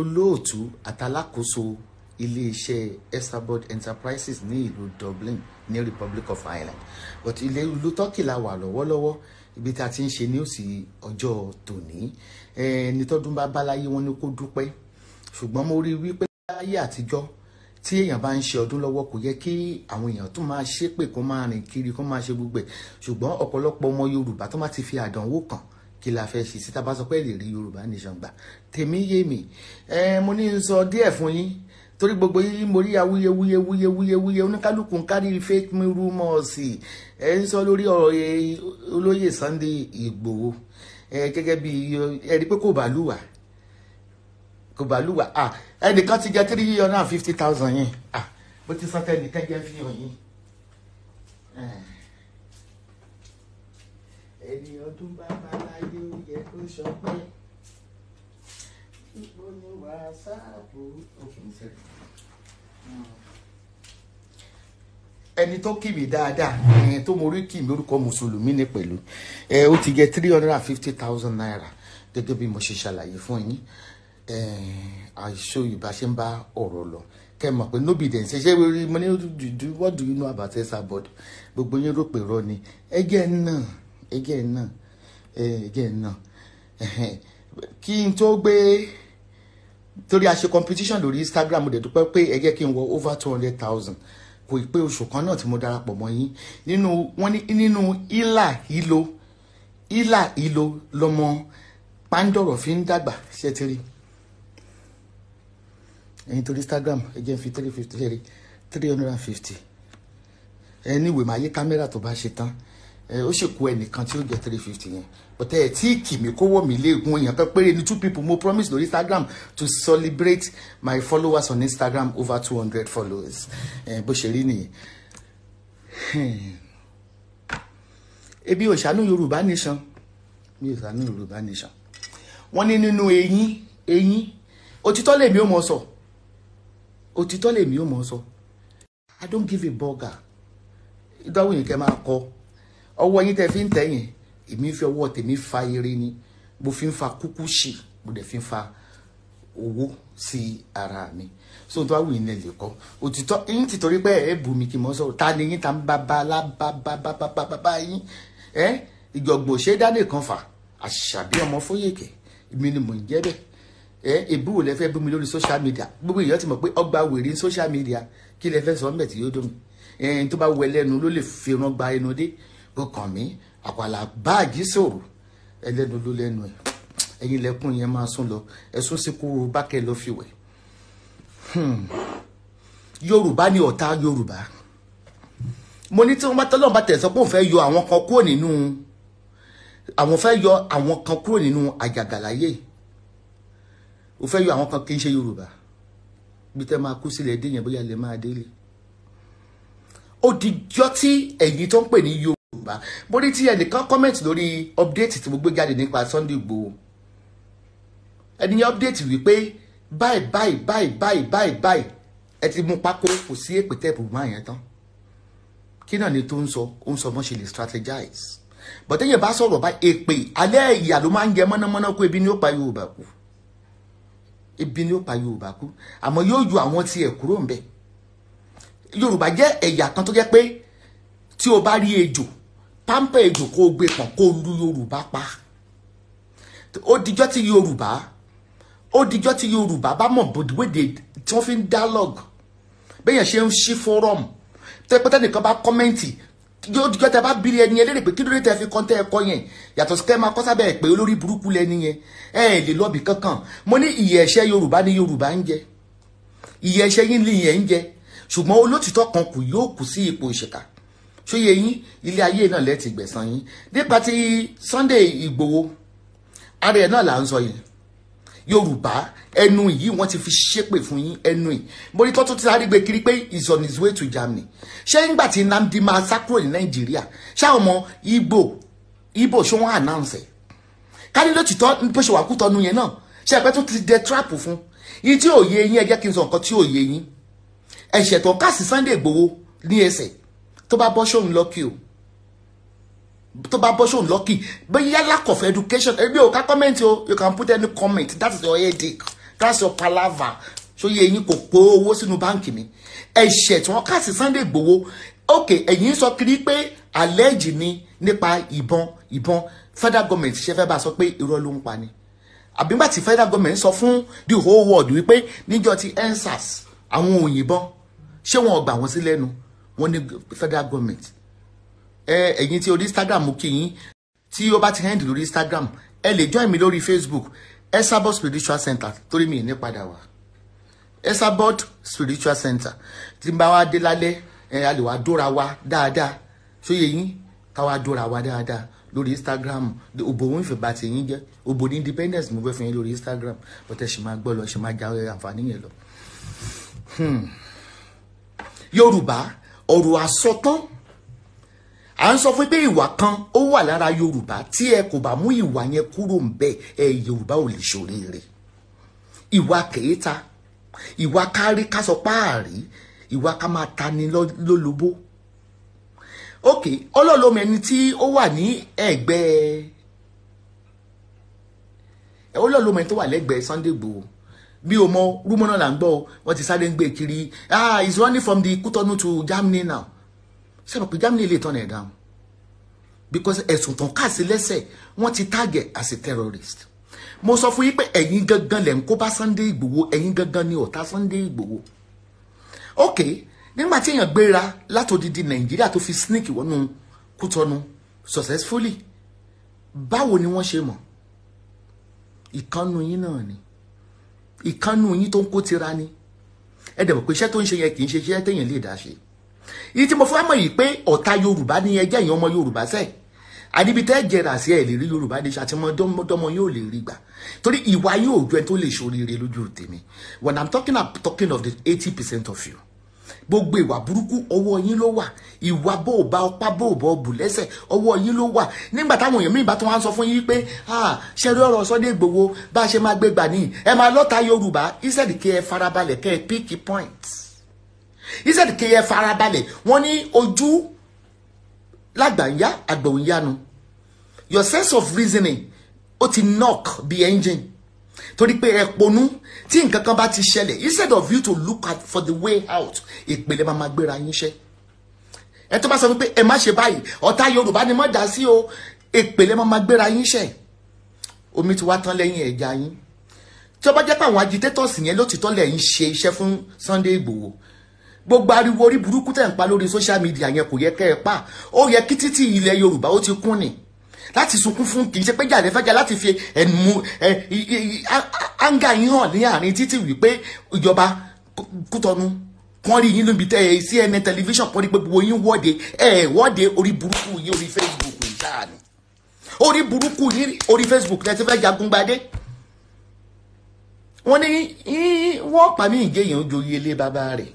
olóòtú àtàlákòóso iléeṣẹ́ esabod enterprises ní ìlú Dublin ní Republic of Ireland but ilé ìlú Turkey la wà lọ́wọ́lọ́wọ́ ibi tá a ti ń ṣe ní òsì ọjọ́ tòní ẹni tọ́dún bá báláyé wọn ni kó dúpẹ́ ṣùgbọ́n mo rí i wípé láyé àtijọ́ tí èèyàn bá ń ṣe ọdún lọ́wọ́ kò yẹ kí àwọn èèyàn tún máa ṣépè kó máa rìn kiri kó máa ṣe gbogbo ẹ̀ ṣùgbọ́n ọ̀pọ̀lọpọ̀ ọmọ Yorùbá tó má ti fi àdánwò kàn kí la fẹ́ ṣe síta bá sọ pé lè rí yorùbá nation gbà tèmi yé mi ẹ mo ní n sọ díẹ̀ fún yín torí gbogbo yín mo rí awuyewuye wuyewuye oníkálukú ń kárí fake rumors ẹ ń sọ lórí ọ̀rọ̀ olóyè Sunday Ìgbòho ẹ gẹ́gẹ́ bí ẹ rí pé kò bá lùwà kò bá lùwà à ẹnìkan ti jẹ three hundred and fifty thousand yẹn à bó ti sọ tẹnìkan jẹ fi hàn yín ẹni ọdún bàbá láyé ó yẹ kó ṣọpẹ́ níbo ni wàsáàpù òkùn sẹ́yìn. ẹni tó kì mí dáadáa ẹni tó mo rí kì mí orúkọ mùsùlùmí ni pẹ̀lú ẹ ó ti jẹ three hundred and fifty thousand naira gẹ́gẹ́ bí mo ṣe ṣàlàyé fún yín àìṣó ìbá ṣe ń bá ọ̀rọ̀ lọ kẹ mọ̀ pé nóbì dẹ̀ ń ṣe ṣé mo ní what do you know about ẹ̀ sábọ̀dù gbogbo yín rò pé rọ ni ẹ jẹ́ náà again náà eh, again náà kí n tó gbé torí a ṣe competition lórí Instagram mo dẹ̀ dúpẹ́ pé ẹ jẹ́ kí n wọ over two hundred thousand kò pé oṣù kan náà tí mo darapọ̀ mọ́ yín nínú wọ́n ní nínú ìlà ìlò ìlà ìlò lọ́mọ pàǹdọ̀rọ̀ fi ń dàgbà ṣe ti rí ẹ̀yin torí Instagram ẹ jẹ́ fi three fifty three hundred and fifty ẹ ní ìwé màá yí kámẹ́rà tó bá ṣe tán ó ṣèkó ẹnìkan tí ó jẹ three fifty yẹn but ẹ tí kì mí kówó mi léegun èèyàn kan péré ní two people mo promise lórí instagram to celebrate my followers on instagram over two hundred followers bó ṣe rí nìyí ebi òṣàánú yorùbá nation mi òṣàánú yorùbá nation wọ́n ní nínú eyín eyín òtítọ́ lèmi ò mọ̀ sọ òtítọ́ lèmi ò mọ̀ sọ i don't give a burger ìdáwó yìí kẹ́ máa kọ́ ọwọ́ yín tẹ́ fi ń tẹ̀yìn èmi fi ọwọ́ tèmi fa eré ni mo fi ń fa kúkú ṣì mo dẹ̀ fi ń fa owó sí ara mi so tó àwọn ènìyàn lè kọ́ òtítọ́ yín ti torí pé ẹ bù mí kí mo sọ̀rọ̀ ta ni yín ta ń bá bá lá yín ẹ ìjọ̀gbọ̀n ṣé dá nìkan fà àṣàbí ọmọ fóyèkè mi ni mò ń jẹ́ bẹ́ẹ̀ ẹ èbú wo lẹ fẹ́ bú mi lórí social media gbogbo èèyàn ti mọ̀ pé ọgbà wèrè social media kí lẹ fẹ́ sọ ọ́ mẹ̀ tí yóò dùn mí ẹ̀ẹ́n tó bá wọ ẹlẹ́nu ló lè fi ran gba ẹnu dé Bùkànmí àpàlà báàgì sòrò ẹlẹ́nu ló lẹ́nu ẹ̀ ẹ̀yin lẹ́kùn yẹn máa sún lọ ẹ̀sùn sí kúrú bákẹ́ ló fi wẹ̀. Hmm. Yorùbá ni ọ̀tá Yorùbá mo ní tí wọ́n bá tọ́lọ́mù bá tẹ̀ sọ pé òun fẹ́ yọ àwọn kan kúrò nínú àwọn fẹ́ yọ àwọn kan kúrò nínú àjàgàláyé o fẹ́ yọ àwọn kan kì í ṣe Yorùbá bí tẹ́ máa kú sílẹ̀ dé yẹn bóyá lè máa délé ó dijọ́ tí ẹ̀yin tó ń pè ní Yorùbá yorùbá mo rí tí ẹnìkan comment lórí update tí mo gbé jáde nípa Sunday Igboho ẹni yẹn update wípé báyìí báyìí báyìí báyìí báyìí báyìí ẹ ti mú pákó kò sí èpè tẹ́ẹ̀pù máa tán kí náà ni tó ń sọ ó ń sọ mọ́ ṣe lè strategize but ẹ̀yẹ̀ bá sọ̀rọ̀ bá èpè alẹ́ ìyà ló máa ń jẹ mọ́nàmọ́ná kó ebi ni ó pa yorùbá kú ebi ni ó pa yorùbá kú àmọ́ yóò ju àwọn tiẹ̀ kúrò ń bẹ̀ yorùbá jẹ́ ẹ̀yà kan tó jẹ́ pé tí o bá rí ejò pampa ejò kó gbé pọ̀n kó lu yorùbá pa ó dijọ́ tí yorùbá ó dijọ́ tí yorùbá bá mọ̀ bòdìwédè tí wọ́n fi ń dialogue bẹ́yẹn ṣe ń ṣí forum tẹ́ pẹ́tẹ́ nìkan bá kọ́mẹ́ǹtì yóò dijọ́ tẹ́ bá bírí ẹni yẹn lérè pé kí ló dé tẹ́ fi kọ́ńtẹ́ ẹ̀kọ́ yẹn yàtọ̀ sí kẹ́ẹ́ máa kọ́ sábẹ́ pé olórí burúkú lẹni yẹn ẹ̀ lè lọ́bì kankan mo ní ìyẹ̀ ẹ̀ṣẹ̀ yorùbá ni yorùbá ń jẹ ìyẹ̀ ẹ̀ṣẹ̀ yín ni ìyẹn ń jẹ ṣùgbọ́n olótìtọ́ kan kù yóò kù sí ipò ìṣèkà ṣóyè yín ilé ayé náà lẹ́ẹ̀tì gbẹ̀san yín nípa ti Sunday Ìgbòho ara ẹ̀ náà là ń sọ yẹn Yorùbá ẹnu yìí wọ́n ti fi ṣépè fún yín ẹnu yìí mo rí tọ́tún ti sáré gbé kiri pé is on his way to Germany ṣé nígbà tí Nnamdi máa sá kúrò ní Nàìjíríà ṣáà ọmọ ibo Igbo ṣé wọ́n announce ẹ̀ kálílò tìtọ́ bó ṣe wà kú tọ́nu yẹn náà ṣe ẹ̀pẹ́ tó ti dẹ trap fún yìí tí òye yín ẹ jẹ́ kí n sọ nǹkan tí òye yín ẹ̀ṣẹ̀ tó ń Sunday Igboho ní ẹsẹ̀ tó bá bọ́ sóun lọ́kì o tó bá bọ́ sóun lack of education ebi o ká comment o you can put any comment that is your headache that's your palava sóyè eyín kò pé owó sínú báǹkì mi ẹ̀ṣẹ̀ tí wọ́n kà sí Sunday Igboho ok ẹ̀yin sọ kiri pé àlẹ́jì ni nípa ìbọn ìbọn federal government ṣe fẹ́ bá sọ pé irọ́ ló ń pa ni àbígbà tí federal government sọ fún the whole world wípé níjọ́ ti endsars àwọn òyìnbọn ṣé wọn ò gbà wọn sí no wọ́n ní federal government ẹ ẹ̀yin tí orí Instagram kí yín tí ó bá ti hand lórí Instagram ẹ lè join mi lórí Facebook esabod spiritual center torí mi ì ní padà wá esabod spiritual center tí n bá wá dé lálẹ́ ẹ a lè wá dóra wa dáadáa ṣóyè yín ká dóra wa dáadáa lórí Instagram òbò òun ìfẹ́ bá ti yín jẹ́ òbò ní independence mo fẹ́ fi yín lórí Instagram bọ́tẹ́ ṣì máa gbọ́ lọ ṣì máa jáwé àǹfààní yẹn lọ. Hmm. Yorùbá ọ̀rọ̀ àsọtán à ń sọ fún pé ìwà kan ó wà lára yorùbá tí ẹ kò bá mú ìwà yẹn kúrò ń bẹ ẹ yorùbá ò lè ṣoríire ìwà kèéta ìwà kárí ká páàrí ìwà ká máa tani lólobó ok ọlọ́lọ́mọ ẹni tí ó wà ní ẹ̀gbẹ́ ọlọ́lọ́mọ ẹni tó wà lẹ́gbẹ̀ẹ́ Sunday Igboho mi ò mọ rúmọ́ náà là ń gbọ́ wọ́n ti sáré ń gbé kiri ah he's running from the Kútọ́nù to Germany now ṣé mo pe Germany lè tán ẹ̀ dáhùn because ẹ̀sùn tán kà sí lẹ́sẹ̀ wọ́n ti target as a terrorist mo sọ fún yín pé ẹ̀yin gangan lẹ̀ ń kó bá Sunday Ìgbòho ẹ̀yin gangan ni ọ̀tá Sunday Ìgbòho ok nígbà tí èèyàn gbéra látòdìdí Nàìjíríà tó fi sneak wọnú Kútọ́nù successfully báwo ni wọ́n ṣe mọ̀ ìkànnù yín náà ni ìkánú yín tó ń kó tira ni ẹ dẹ̀ mọ̀ pé iṣẹ́ tó ń ṣe yẹn kì í ṣe iṣẹ́ téèyàn lè dá ṣe yìí tí mo fẹ́ mọ̀ yìí pé ọ̀tá yorùbá ní ẹjẹ́ ìyẹn ọmọ yorùbá sẹ́ẹ̀ àdibitẹ́ jẹrà sí ẹ̀ lè rí yorùbá ní ṣàtìmọ́ dọ́mọ yóò lè rí gbà torí ìwà yóò jẹ́ tó lè ṣoríire lójú tèmi when i'm talking i'm talking of the eighty percent of you gbogbo ìwà burúkú ọwọ́ yín ló wà ìwà bóòbá ọpá bóòbá ọbù lẹ́sẹ̀ ọwọ́ yín ló wà nígbà táwọn èèyàn míì bá tún wá ń sọ fún yín pé ṣẹ́rí ọ̀rọ̀ Sunday Igboho bá a ṣe máa gbé gbà nìyí ẹ máa lọ́ta Yorùbá instead kí ẹ farabalẹ̀ kẹ́ ẹ pick point instead kí ẹ farabalẹ̀ wọ́n ní ojú lágbàáyá àgbòyanu your sense of reasoning ó ti knock the engine torí pé ẹ ponú tí nǹkan kan bá ti ṣẹlẹ̀ instead of you to look at for the way out ìpele máa ma gbéra yín ṣẹ́ ẹ tó bá sọ wípé ẹ má ṣe báyìí ọ̀tá yorùbá ni mọ́ dá sí o ìpele máa ma gbéra yín ṣẹ́ omi ti wá tán lẹ́yìn ẹja yín tí ó bá jẹ́ pé àwọn agitators yẹn lótìtọ́ lẹ́yìn ṣe iṣẹ́ fún Sunday Igboho gbogbo ariwo orí burúkú tẹ̀ ń pa lórí social media yẹn kò yẹ kẹ́ ẹ pa ó yẹ kí títí ilẹ̀ yorùbá ó ti kún ni láti sunkún fún kì í ṣe pé jàdé fẹ́ jà láti fi ẹnu anga yín hàn ní àárín títì wípé ìjọba Kútọ́nù kàn rí yín lóbi CNN tẹlifíṣàn kàn rí pé gbogbo yín wọ́de ẹ̀ wọ́de orí burúkú yín orí Facebook ìta ni orí burúkú yín orí Facebook lẹ́tí fẹ́ jagungbadé wọ́n ní wọ́n pa mí ìjẹyàn ojú oyè ilé bàbá rẹ̀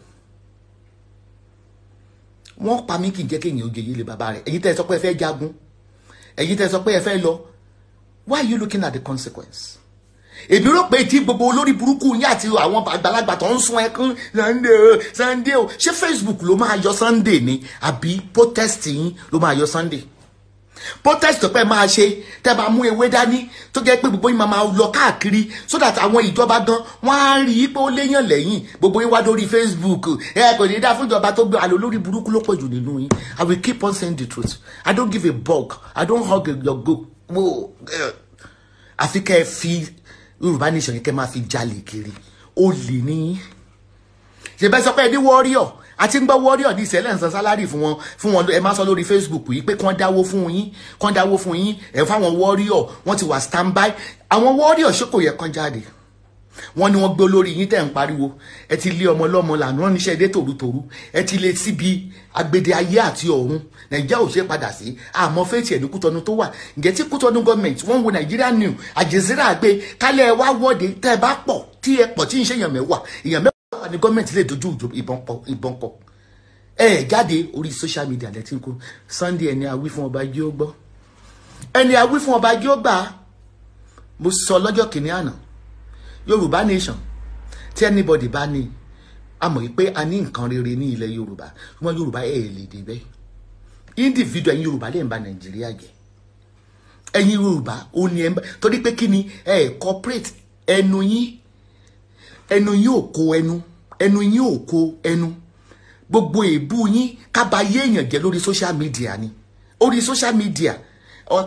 wọ́n pa mí kì í jẹ́ kéèyàn ojú ilé bàbá rẹ̀ èyí tẹ́ ẹ fẹ́ jagun ẹ̀yin tẹ́ sọ pé ẹ fẹ́ lọ why are you looking at the consequence èmi rò pé tí gbogbo olórí burúkú yín àti àwọn àgbàlagbà tó ń sun ẹkún Sunday o ṣé Facebook ló máa yọ Sunday ni àbí protest yín ló máa yọ Sunday protest pẹ́ máa ṣe tẹ́ bá mú ewé dání tó jẹ́ pé gbogbo yín máa lọ káàkiri so that àwọn ìjọba gan wọ́n á rí i pé ó léyàn lẹ́yìn gbogbo yín wá lórí Facebook ẹ kò ní dá fún ìjọba tó gbé àlọ́ lórí burúkú ló pọ̀ jù nínú yín I will keep on saying the truth I don't give a bug I don't hug your go àfi kẹ́ ẹ fi Yorùbá nation yẹn máa fi jalè kiri ó lè ní ṣe bẹ́ẹ̀ sọ pé ẹ ní warrior àti ń gbọ́ warrior ní ìṣẹ̀lẹ̀ ń san sálárì fún wọn fún wọn ẹ máa sọ lórí Facebook yìí pé kán dáwó fún yín kán dáwó fún yín ẹ fáwọn wọ́ríọ̀ wọ́n ti wà standby àwọn wọ́ríọ̀ ṣé kò yẹ kán jáde wọ́n ní wọ́n gbé olórí yín tẹ̀ ń pariwo ẹ ti lé ọmọ lọ́mọ lànà níṣẹ́ dé tòrútòrú ẹ ti lé síbi agbede ayé àti ọ̀run nàìjíríà ò ṣe padà sí àmọ́ fẹ́ẹ̀tì ẹ̀dùn kútọ́nu tó wà ǹjẹ́ tí kútọ́nu gọ́ọ̀mẹ̀ntì wọ́n ń wo nàìjíríà nù àjẹsíra gbé kálẹ̀ wá wọ́de tẹ́ ẹ bá pọ̀ tí ẹ pọ̀ tí ń ṣe èèyàn mẹ́wàá èèyàn mẹ́wàá ni gọ́ọ̀mẹ̀ntì lè dojú ìbọn kọ ẹ jáde orí social media lẹ́tí ń kú Sunday ẹni awí fún ọba jí ó gbọ́ ẹni awí fún ọba jí ó gbà á mo sọ lọ́jọ́ kìíní àná Yorùbá nation tí anybody bá ní a mọ̀ pé a ní nǹkan rere ní ilẹ̀ Yorùbá ṣùgbọ́n Yorùbá ẹ̀ lè dé bẹ́ẹ̀ individual ẹ̀yin Yorùbá lè ń ba Nàìjíríà jẹ́ ẹ̀yin Yorùbá ó ní ẹ̀ ń bá torí pé kí ni ẹ̀ corporate ẹnu yín ẹnu yín ò kó ẹnu ẹnu yín ò kó ẹnu gbogbo èébú yín kábàáyé èèyàn jẹ́ lórí social media ni orí social media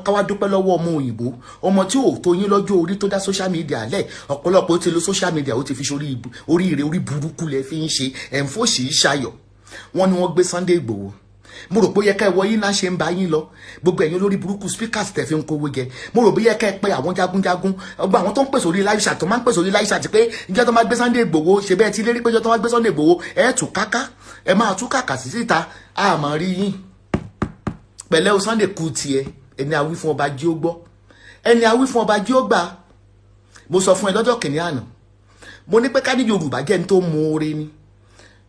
káwá dúpẹ́ lọ́wọ́ ọmọ òyìnbó ọmọ tí ò tó yín lọ́jọ́ orí tó dá social media lẹ̀ ọ̀pọ̀lọpọ̀ ti lo social media ó ti fi ṣe oríire orí burúkú lẹ fi ń ṣe ẹ̀ǹfọ̀ṣì ṣayọ̀ wọ́n ní wọ́n gbé Sunday Igboho mo rò pé ó yẹ ká ẹ wọ yín náà ṣe ń ba yín lọ gbogbo ẹ̀yin olórí burúkú speakers tẹ̀ fi ń kówó jẹ mo rò pé yẹ ká ẹ pé àwọn jagunjagun ọgbà àwọn tó ń pèsè orí láìsà tó máa ń pèsè orí láìsà ti pé ìjọ tó máa gbé Sunday Igboho ṣe bẹ́ẹ̀ ti lérí pé ìjọ tó máa gbé Sunday Igboho ẹ tù káká ẹ máa tú kàkà sí síta a máa rí yín pẹ̀lẹ́ o Sunday kú tiẹ̀ ẹni awí fún ọba jí ó gbọ́ ẹni awí fún ọba jí ó gbà mo sọ fún ẹ lọ́jọ́ kìnìún àná mo ní pé ká jẹ́ ní tó mú oore ni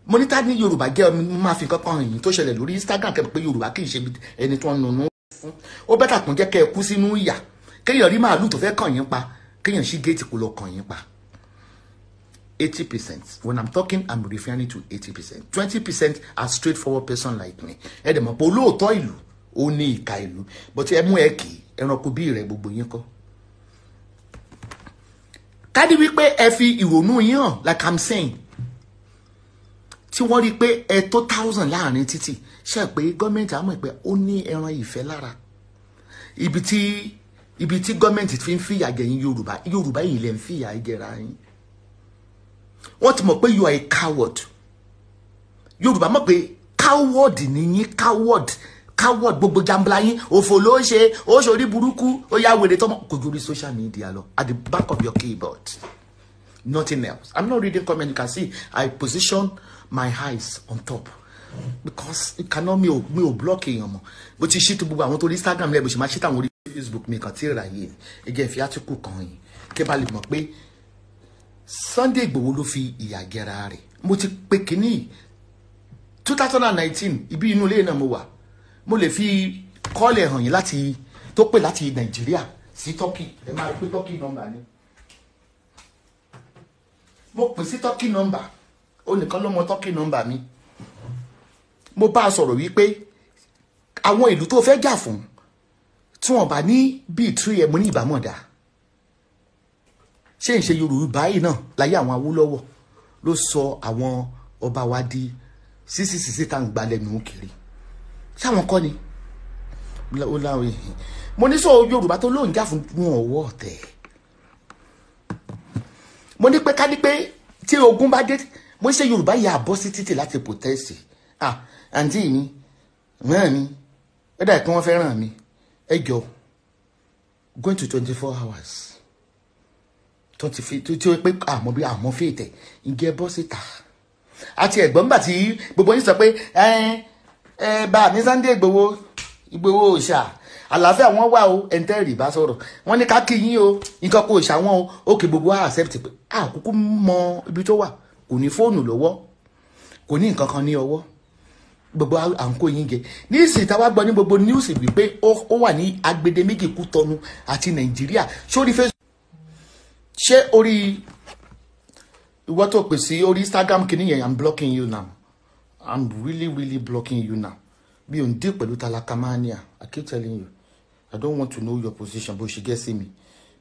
mo ní tani yorùbá jẹ́ omi mo máa fi nǹkan kan yìí tó ṣẹlẹ̀ lórí instagram kẹ́ẹ̀ pé yorùbá kì í ṣe ẹni tó ń nunú fún ó bẹ́tà kún jẹ́ kẹ́ ẹ kú sínú ìyà kéèyàn rí màálù tó fẹ́ kàn yín pa kéèyàn ṣí géètì kó lọ kàn yín pa eighty percent when i'm talking i'm referring to eighty percent twenty percent are straightforward person like me ẹ dẹ̀ mọ̀ pé olóòótọ́ ìlú ó ní ìka ìlú but ẹ mú ẹ kì í ẹranko bí rẹ gbogbo yín kọ́ kádì wípé ẹ fi ìrònú yín hàn like i'm saying tí wọ́n rí pé ẹ tó thousand láàrin títì ṣe pé gọ́ọ̀mẹ̀ntì àmọ̀ pé ó ní ẹran ìfẹ́ lára ibi tí ibi tí gọ́ọ̀mẹ̀ntì fi ń fìyà jẹ yín yorùbá yorùbá yìí lè ń fìyà jẹra yín wọ́n ti mọ̀ pé you are a coward yorùbá mọ̀ pé coward ni yín coward coward gbogbo jambla yín òfò ló ń ṣe ó ṣorí burúkú ó yá wèrè tọmọ kò ju orí social media lọ at the back of your keyboard nothing else i'm not reading comment you can see i position my eyes on top because it cannot me ò mi ò block èèyàn mọ̀ bó ti ṣí tó gbogbo àwọn tó rí Instagram lẹ́ẹ̀bù ṣe máa ṣí tàwọn orí Facebook mi kàn tí ì ráyè ẹgẹ́ ìfi átíkù kan yìí kí bá lè mọ̀ pé Sunday Igboho ló fi ìyà jẹra rẹ̀ mo ti pe kínní two thousand and nineteen ibi inú ilé náà mo wà mo lè fi kọ́ọ̀lì hàn yín láti tó pè láti Nàìjíríà sí Turkey ẹ máa pé Turkey number ni mo pè sí Turkey number ó nìkan ló mọ tọ́kì nọ́mbà mi mo bá a sọ̀rọ̀ wípé àwọn ìlú tó fẹ́ jà fún tí wọ́n bá ní bíi tírí ẹ̀ mo ní ìbámu ọ̀dà ṣé ń ṣe Yorùbá yìí náà láyé àwọn Awólọ́wọ̀ ló sọ àwọn ọba wa di sísì tá à ń gbalẹ̀ nù kiri sáwọn kọ́ ni mo ní sọ Yorùbá tó lóun jà fún wọn ọwọ́ ọ̀tẹ̀ mo ní pé ká ní pé tí ogun bá dé bó ṣe yorùbá yà bọ́ sí títì láti pòtẹ́sì àǹtí mi ràn mí ẹ dà kí wọ́n fẹ́ ràn mí ẹ jọ going to twenty four hours twenty fi tí ó pé àmọ́ bí àmọ́ fèètè ǹjẹ́ bọ́ síta àti ẹ̀gbọ́n gbà tí gbogbo yín sọ pé ẹ ẹ bá mi Sunday Igboho Igboho òòṣà àlàáfíà wọn wà o ẹ̀ńtẹ́ rì bá sọ̀rọ̀ wọn ní ká kí yín o nǹkan kó òòṣà wọn o ó kì gbogbo accept pé àkókò mọ ibi tó wà kò ní fóònù lọ́wọ́ kò ní nǹkan kan ní ọwọ́ gbogbo à ń kó yín jẹ nísìnyí táwa gbọ́ ní gbogbo news wípé ó wà ní agbedeméjì Kútọnu àti Nàìjíríà sórí Facebook ṣé orí ìwọ tó pè sí orí Instagram kìíní yẹn I'm blocking you now I'm really really blocking you now mi ò ń dé pẹ̀lú talakamania I keep telling you I don't want to know your position bó ṣe gẹ́ sí mi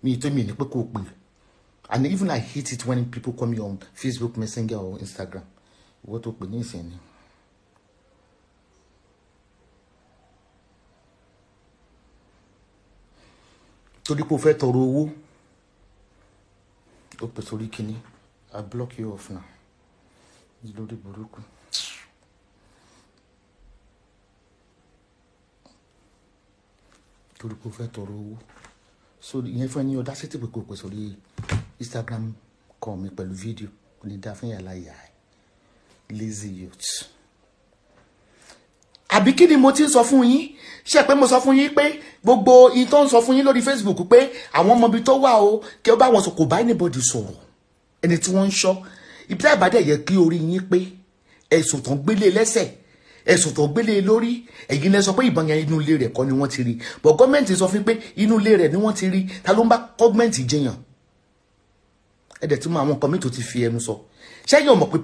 mi ì tó mi ní pé kó o pè é and even I hate it when people call me on Facebook Messenger or Instagram ìwọ tó pè ní ìsìn ni. torí pé o fẹ́ tọrọ owó o pè sórí kínní I block you off now lórí burúkú. torí pé o fẹ́ tọrọ owó so ìyẹn fẹ́ ní ọdá sí tìpé kò pè sórí. Instagram kọ́ mi pẹ̀lú fídíò onídàáfínyàlá ìyá ẹ̀ lazy youth àbí kí ni mo ti ń sọ fún yín ṣe pé mo sọ fún yín pé gbogbo in tó ń sọ fún yín lórí Facebook pé àwọn ọmọ ibi tó wà o kí ó bá wọn sọ kò bá anybody sọ̀rọ̀ ẹni tí wọ́n ń ṣọ́ ibi táyà ìbàdàn yẹ kí orí yín pé ẹ̀sùn tó ń gbélé lẹ́sẹ̀ ẹ̀sùn tó ń gbélé lórí ẹ̀yin lẹ sọ pé ìbọn yẹn inú ilé rẹ̀ kọ́ ni wọ́n ti rí but gọ́ọ̀mẹ̀ntì sọ fún pé inú ilé rẹ̀ ni wọ́n ti rí ta ló ń bá gọ́ọ̀mẹ̀ntì jiyàn ẹ̀dẹ̀ tí mo àwọn nǹkan mi tó ti fi ẹnu sọ ṣẹ́yìn ọmọ pé